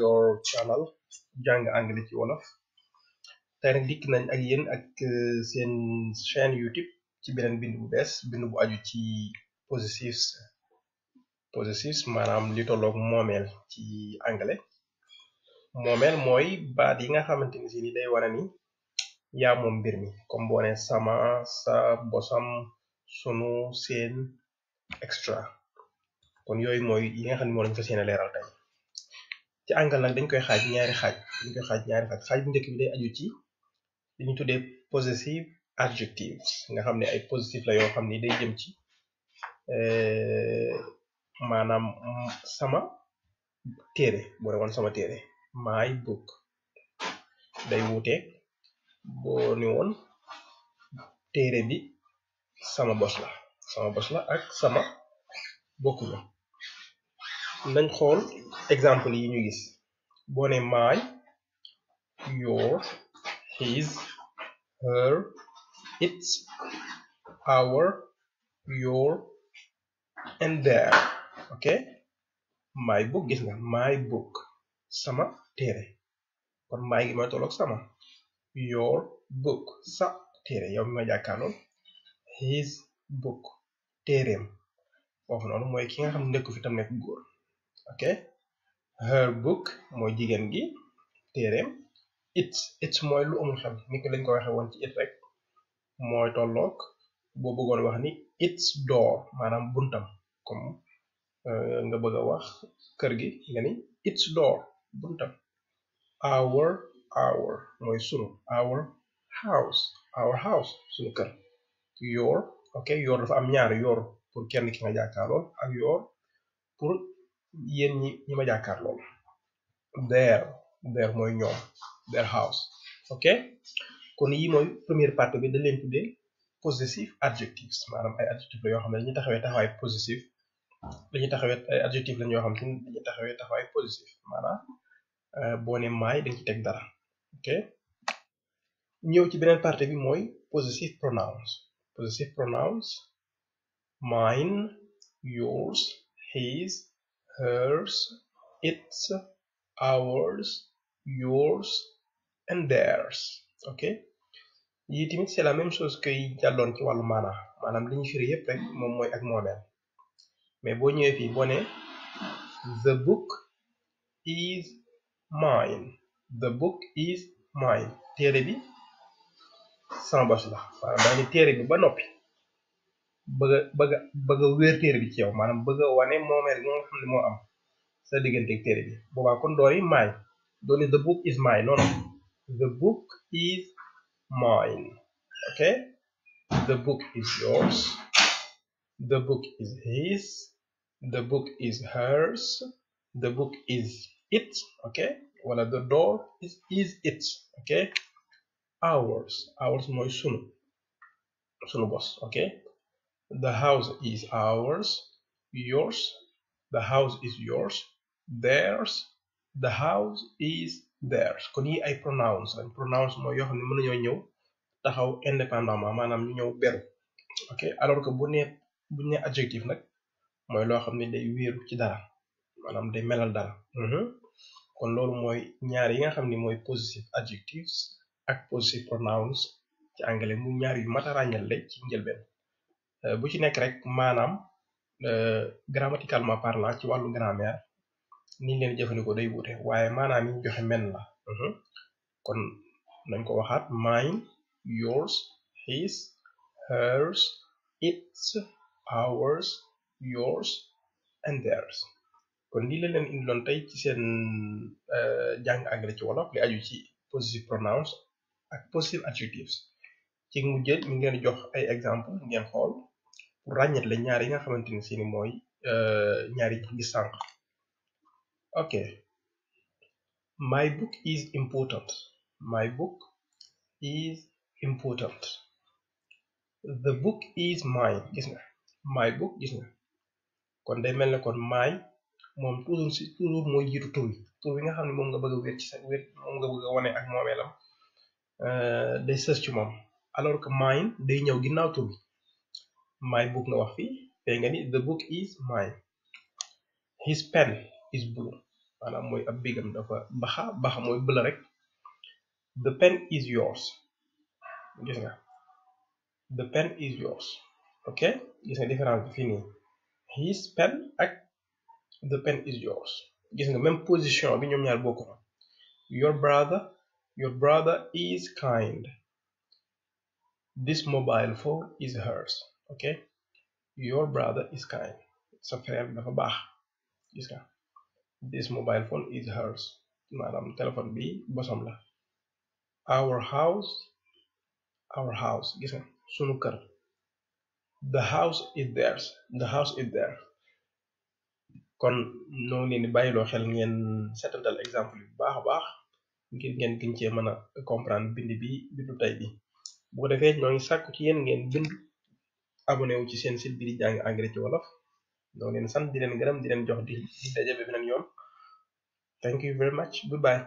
your channel jang anglais ci wolof tay nag dik nañ ak yeen ak euh, sen chaîne youtube ci benen bindu bu bees bindu bu aju ci possessives possessives manam li tolok momel ci anglais momel moy baat yi nga xamanteni ci ni day ni ya moom mi comme boné sama sa bosam sunu sen extra kon yoy moy yi nga xamni mo lañ fa ci àngal dañ koy xaaj ñaari xaaj dañ koy xaaj ñaari xaaj xaaj bu njëkk bi day aju ci li ñu tuddee possessive adjectives nga xam ne ay possessif la yoo xam ni day jëm ci euh, maanaam sama téere boo woon sama téere my book day wuute boo ni woon téere bi sama bos la sama bos la ak sama bokkuñu lañ xol example yi ñu gis boné my your his her its our your and their ok my book gis nga my book sama téré kon my gi ma tolok sama your book sa téré yow ma jakkalo his book téré fofu non moy ki nga xam ne fi tam nekk goor okay her book moy jigen gi terem it it moy lu amul xam ni ko lañ ko waxe won ci it rek moy tolok bo bëggoon wax ni its door manam buntam comme euh, nga bëgg wax kër gi nga its door buntam our our moy sunu our house our house sunu kër your okay your dafa am ñaar your pour kenn ki nga jàkkaarlool ak your pour yéen ñi ñi ma jàkkaar loolu mooy ñoom their house ok kon yi mooy première partie bi da leen tuddee possessive adjectives maanaam ay adjectifs la xam ne dañuy taxawee taxawaay possessive dañuy taxawee ay adjectifs lañ xam te dañuy taxawee taxawaay possessive maanaam euh, boo ne maay dañ teg dara ok ñëw ci beneen partie bi mooy possessive pronouns possessive pronouns mine yours his hers, its, ours, yours and theirs ok yii tamit c'est la même chose que yi jàlloon ci mana. maana maanaam li ñu firi rek moi-même. ak mais boo ñëwee fi, boo the book is mine the book is mine téere bi sama bos la maanaam daal ni bi ba noppi bëgg a bëgg a bëgg a wéer téere bi ci yow maanaam bëgg wane moomeel nga xam ne am sa digganteeg téere bi boobaa kon door yi mine dooni the book is mine non the book is mine ok the book is yours the book is his the book is hers the book is it ok wala the door is is it ok ours ours mooy sunu sunu bos ok The house is ours, yours, the house is yours, theirs, the house is theirs. Kon yi ay pronouns ay Pronouns mo yo xamni mënu ñoo ñëw taxaw indépendamment manam ñu ñëw beru. Ok alors que bu né bu né adjectif nak moy lo xamni day wéeru ci dara Manam day melal dara. -hmm. kon lolu moy ñaar yi nga xamni moy positive adjectives ak positive pronouns ci anglais mu ñaar yu mata a ràññal ci Eh, bu ci nek rek euh grammaticalement parlant ci walu grammaire ni leen jëfandikoo day wuté waye manam yi joxe men la mhm. kon nañ ko waxat mine yours his hers its ours yours and theirs kon li la leen lon tay ci euh eh, jang anglais ci wolof li aju ci positive pronouns ak positive adjectives ci mu jël ñu ngeen jox ay exemple ngeen xol pour ràññet ñaar yi nga xamante ni si ni mooy euh, ñaari gis sànq ok my book is important my book is important the book is mine gis na my book gis nga kon day mel ne kon my moom toujours si toujours mooy jiitu tur wi nga xam ne moom nga bëgg a wér ci sa wér moom nga bëgg a ak moomeelam euh, day sës ci moom alors que mine day ñëw ginnaaw tur wi my book nga wax fii ni the book is mine his pen is blue maanaam mooy ab bigam dafa baxa baxa mooy bëla rek the pen is yours gis nga the pen is yours ok gis nga différence bi fii his pen ak the pen is yours gis nga même position bi ñoom ñaar bokk your brother your brother is kind this mobile phone is hers ok your brother is kind sa frère bi dafa baax gis nga this mobile phone is hers maanaam téléphone bi bosom la our house our house gis nga sunu kër the house is theirs the house is theirs kon noo leen di bàyyiloo xel ngeen setantal exemple bi baax a baax ngir ngeen gën cee mën a comprendre bind bi bindu tey bi bu defee ñoo ngi sàkku ci ngeen bind abonné wu ci seen site bi di engrais ci wolof donc leen sant di leen gërëm di jox di di daje ba beneen yoon thank you very much goodbye